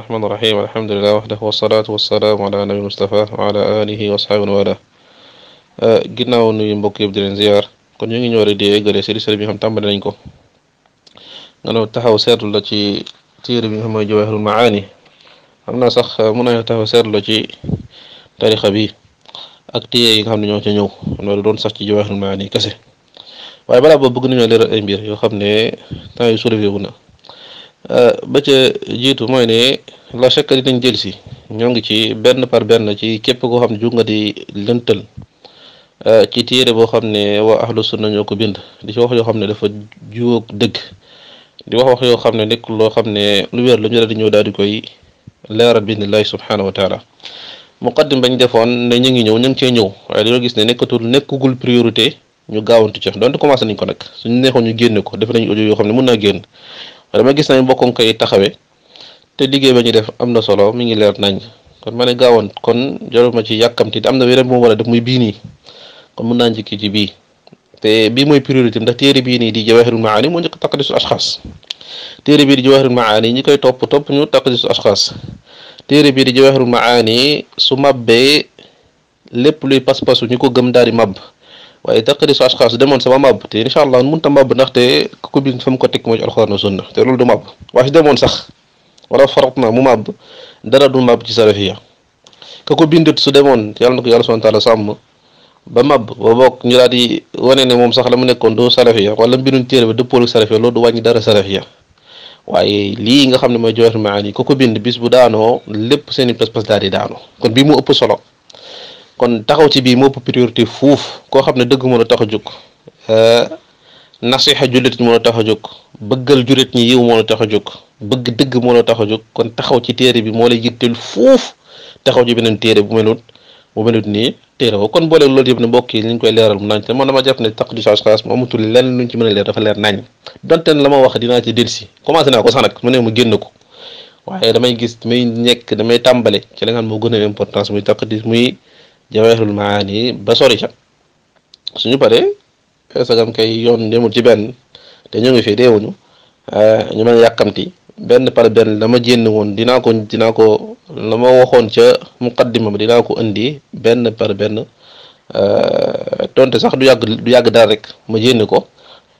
الرحمن الرحيم الحمد لله وحده والصلاة والسلام على نبي المصطفى وعلى آله وصحبه وآله جنا ونوي مبوك يبدل زيار كن يغي نوري دي ايغر يسير سير بيهم تامل لنكو نانو تحاو سير الله تي تير بيهم جواهر المعاني أمنا سخ منا يتحاو سير الله تي تاريخ بي أكتي يغي نحن نيو تنيو نو دون سخ تي جواهر المعاني كسي وعبالا ببقنين لير أمبير يو خبني تاني سوري بيهونا Euh, ba ca jiitu mooy ne la chèque dinañ jël si ñoo ngi ci benn par benn ci képp koo xam ne jug nga di lëntal euh, ci téere boo xam ne waa ahlu sunna ñoo ko bind di ci wax yoo xam ne dafa juwóog dëgg di wax wax yoo xam ne nekk loo xam ne lu weer la ñu di ñëw daal di koy leeral bi nillahi subhanahu wa taala muqaddim bañ defoon ne ñu ngi ñëw ñu ngi cee ñëw waaye dañoo gis ne nekkatul nekkagul priorité ñu gaawantu ca donte commencé nañ ko nag suñu neexoon ñu génne ko def nañu audio yoo xam ne mun naa génn dama gis nañ bokkon kay taxawé té liggéey ba ñu def amna solo mi ngi leer nañ kon mané gawon kon jaruma ci yakamti amna wéré mo wala def muy bi ni kon mën nañ ci ci bi té bi moy priorité ndax téré bi ni di jawahirul maani mo ñëk taqdisul ashkhas téré bi di jawahirul maani ñi koy top top ñu taqdisul ashkhas téré bi di jawahirul maani su mabbe lepp luy pass passu ñuko gëm daal mab waaye taqdiisu ashxaas demoon sama màbb te incha allah mënut a màbb ndaxte ku bind fa mu ko teg mooy alxuraan sunna te loolu du màbb waaye demoon sax wala farat na mu màbb dara du mab ci salafiya ka ko bindut su demoon yàlla na ko yàlla subhaana taala sam ba màbb ba bokk ñu daal di wane ne moom sax la mu nekkoon du salafiya wala mbirum téere ba dëppoolu salafiya loolu du wàññi dara salafiya waaye lii nga xam ne mooy Jawahirul Maani ku ko bind bis bu daanoo lépp seeni i pas-pas daal di daanoo solo. kon taxaw ci bii moo ëpp priorité fuuf koo xam ne dëgg mën a tax a jóg euh, nasiha jullit mën moo tax a jóg bëggal jullit ñi yiw mën tax a jóg bëgg dëgg moo a tax a jóg kon taxaw ci téere bi moo lay yitteel fuuf taxaw ci beneen téere bu melut bu melut nii téere woo kon boole loolu yëpp ne mbokk yi li koy leeral mu naañ te man dama jàpp ne taq du change classe mu amatul lenn luñ ci mën a leer dafa leer naañ donte la ma wax dinaa ci delsi commencé naa ko sax nag ma génn ko waaye damay gis damay nekk damay la moo gën a importance muy taq di jawaahirul maani ba sori suñu paree sagam kay yoon demul ci benn te ñu ngi fi deewuñu ah, ñu ma a yàkkamti benn par benn dama ma jénn woon dinaa ko dinaa ko la ma waxoon ca muqaddima ba dinaa ko indi benn par benn tonte ah, sax du yàgg du yàgg daal rek ma jénn ko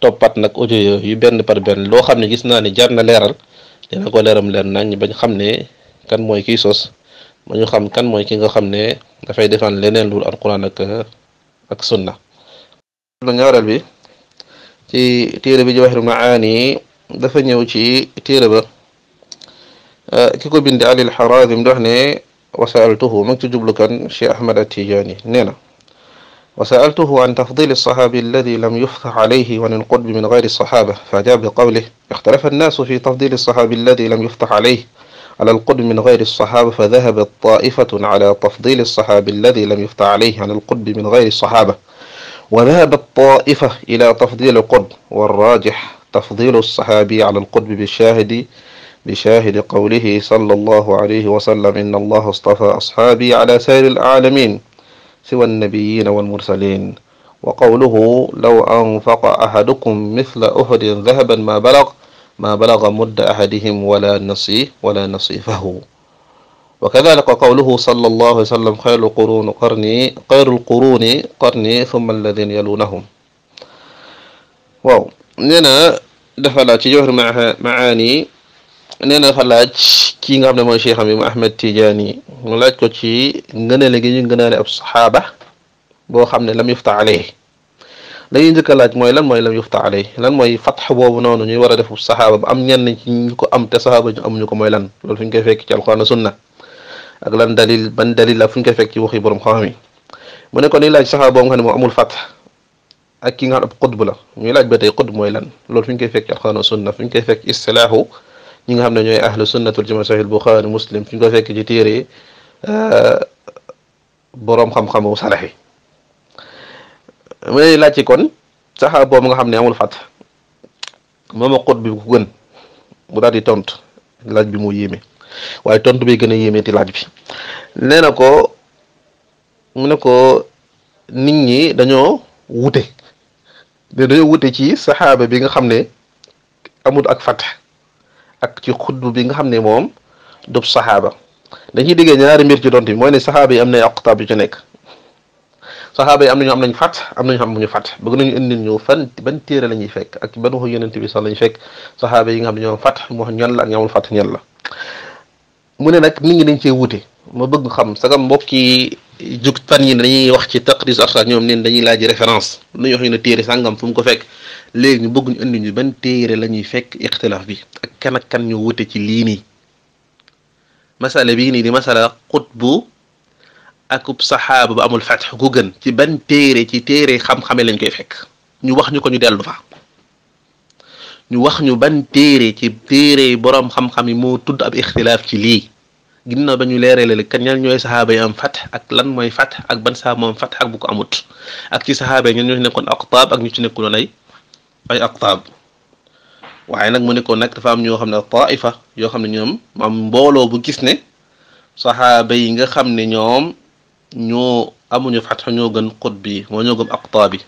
toppat nag audio yu benn par benn loo xam ne gis naa ne jar na leeral dina ko leeram leer nañ bañ xam ne kan mooy kiy soos ñu xam kan mooy ki nga xam ne dafay defal leneen lu alquran ak ak sunna lu ñaaral bi ci téere bi jawahirul maani dafa ñëw ci téere ba eh, ki ko bind ali alxarazim dox ne وسألته من تجبل كان شيخ أحمد التيجاني نينا وسألته عن تفضيل الصحابي الذي لم يفتح عليه وعن القرب من غير الصحابة فأجاب بقوله اختلف الناس في تفضيل الصحابي الذي لم يفتح عليه على القدم من غير الصحابة فذهبت طائفة على تفضيل الصحابي الذي لم يفتع عليه عن القدم من غير الصحابة وذهبت طائفة إلى تفضيل القطب والراجح تفضيل الصحابي على القدم بالشاهد بشاهد قوله صلى الله عليه وسلم إن الله اصطفى أصحابي على سائر العالمين سوى النبيين والمرسلين وقوله لو أنفق أحدكم مثل أهد ذهبا ما بلغ ما بلغ مد أحدهم ولا نصيه ولا نصيفه وكذلك قوله صلى الله عليه وسلم خير القرون قرني خير القرون قرني ثم الذين يلونهم واو نينا دفلات جوهر معاني نينا فلاج كي قبل ما شيخ حميم احمد تيجاني ملاج كوتشي نغنى لغي نغنى لاب صحابه بو لم يفتح عليه dañuy njëkk a laaj mooy lan mooy lam yuxta alay lan mooy fatx boobu noonu ñuy war a defu saxaaba ba am ñenn ci ñu ko am te saxaaba ñu amuñu ko mooy lan loolu fu ñu koy fekk ci alxuraan sunna ak lan dalil ban dalil la fu ñu koy fekk ci waxi borom xam-xam yi mu ne ko ni laaj saxaaba boobu nga xam ne moo amul fatx ak ki nga xam ab xutb la ñuy laaj ba tey xutb mooy lan loolu fu ñu koy fekk ci alxuraan sunna fu ñu koy fekk istilaahu ñi nga xam ne ñooy ahlu sunnatul jamaa sahih buxaari muslim fu ñu koy fekk ci téere eh, boroom xam-xamu salafi ma lay laaj ci kon saxaaba boobu nga xam ne amul fat moom ak xut bi ku gën mu daal di tontu laaj bi mu yéeme waaye tontu bi gën a yéeme ti laaj bi nee na ko mu ne ko nit ñi dañoo wute ne dañoo wute ci saxaaba bi nga xam ne amul ak fat ak ci xutb bi nga xam ne moom du saxaaba dañuy déggee ñaari mbir ci dont bi mooy ne saxaaba yi am na ay aqtaab yu ci nekk. saxaaba yi am nañu am nañ fat am nañu am bu ñu fat bëgg nañu indil ñu fan ban téere la ñuy fekk ak ban waxu yonent bi sax la ñuy fekk saxaaba yi nga am fat mu wax ñan la ak ñamul fat mu ne nag nit ñi dañ cee wuute ma bëgg xam sagam mbokk yi jug fan yi dañuy wax ci taqdis arsa ñoom neen dañuy laaj référence lu wax ñu ne téere sàngam fu mu ko fekk léegi ñu bëgg ñu indi ñu ban téere la ñuy fekk ixtilaaf bi ak kan ak ñu wute ci lii nii masala bii nii di masala xutbu akub saxaaba ba amul fatx gu gën ci ban téere ci téere xam-xame lañ koy fekk ñu wax ñu ko ñu dellu fa ñu wax ñu ban téere ci téere boroom xam-xam yi moo tudd ab ixtilaaf ci lii ginnaaw ba ñu leere la kan ñooy saxaaba yi am fatx ak lan mooy fatx ak ban saxaaba moom fatx ak bu ko amut ak ci saxaaba yi ñan ñoo ci nekkoon ñu ci nekkuloon ay ay aqtaab waaye nag nekkoon nag dafa am ñoo xam ne ak taifa yoo xam ne ñoom am mbooloo bu gis ne saxaaba yi nga xam ne ñoom ñoo amuñu fatxa ñoo gën xut bi moo ñoo gëm aqtaa bi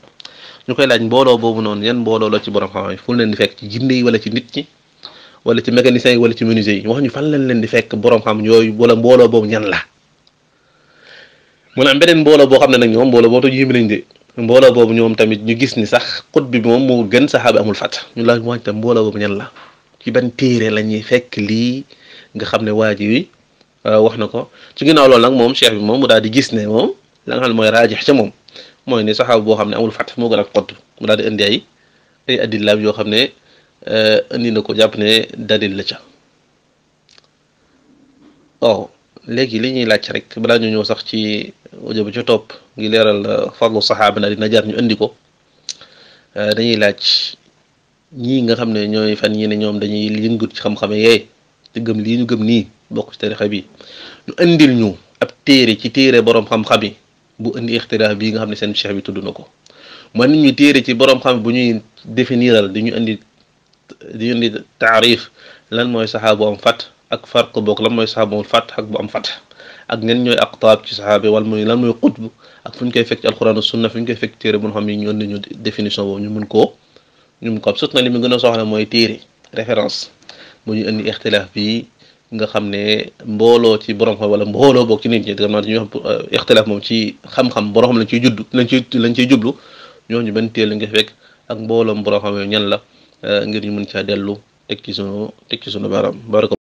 ñu koy laaj mbooloo boobu noonu yan mbooloo la ci borom xam-xam leen di fekk ci jinne wala ci nit ñi wala ci mécaniciens yi ci menuisiers yi wax ñu fan lañ leen di fekk borom yooyu wala mbooloo boobu ñan la mu ne beneen mbooloo boo xam ne nag ñoom mbooloo boo toj yémi lañ mbooloo boobu ñoom tamit ñu gis ni sax xut bi moom moo gën saxaaba amul fat ñu laaj mu wàññi tam mbooloo boobu ñan la ci ban téere la ñuy fekk lii nga xam ne waa ji Euh, wax na ko ci ginnaaw loolu nag moom cheikh bi moom mu daal di gis ne moom la xam mooy raajax ca moom mooy ni saxaaba boo xam ne amul fat moo gën a mu daal di indi yoo xam ne euh, indi na ko jàpp ne dalil la ca waaw oh, léegi laaj rek balaa ñu ñëw sax ci audio bi ci topp ngi leeral euh, fadlu saxaaba na dina jar ñu indi ko dañuy laaj ñii nga xam ne ñooy fan ñi ne ñoom dañuy yëngut ci xam-xame yee te gëm lii ñu gëm nii bokk ci tarixa bi ñu indil ñu ab téere ci téere boroom xam-xam yi bu indi ixtilaaf bii nga xam ne seen cheikh bi tudd na ko man nit ñu téere ci boroom xam bu ñuy définiral di ñu indi di ñu indi taarif lan mooy saxaa bu ak farq bokk lan mooy saxaa bu ak bu fat ak ngeen ñooy aqtaab ci saxaabi wala mooy lan mooy xutb ak fu ñu koy fekk ci alxuraan sunna fu ñu koy fekk téere bu ñu xam ne ñu indi ñu définition boobu ñu mun koo ñu mun ko am surtout na li mu gën a soxla mooy téere référence bu ñu indi ixtilaaf bii nga xam ne mbooloo ci borom xam wala mbooloo boog ci nit ñi maanaam ñoo xam ixtilaaf moom ci xam-xam borom xam lañ ciy juddu lañ ciy jublu ñoo ñu ñooñu benn téel nga fekk ak mbooloom borom xam ñan la euh, ngir ñu mën caa dellu teg ci sunu teg ci sunu baaraam baraka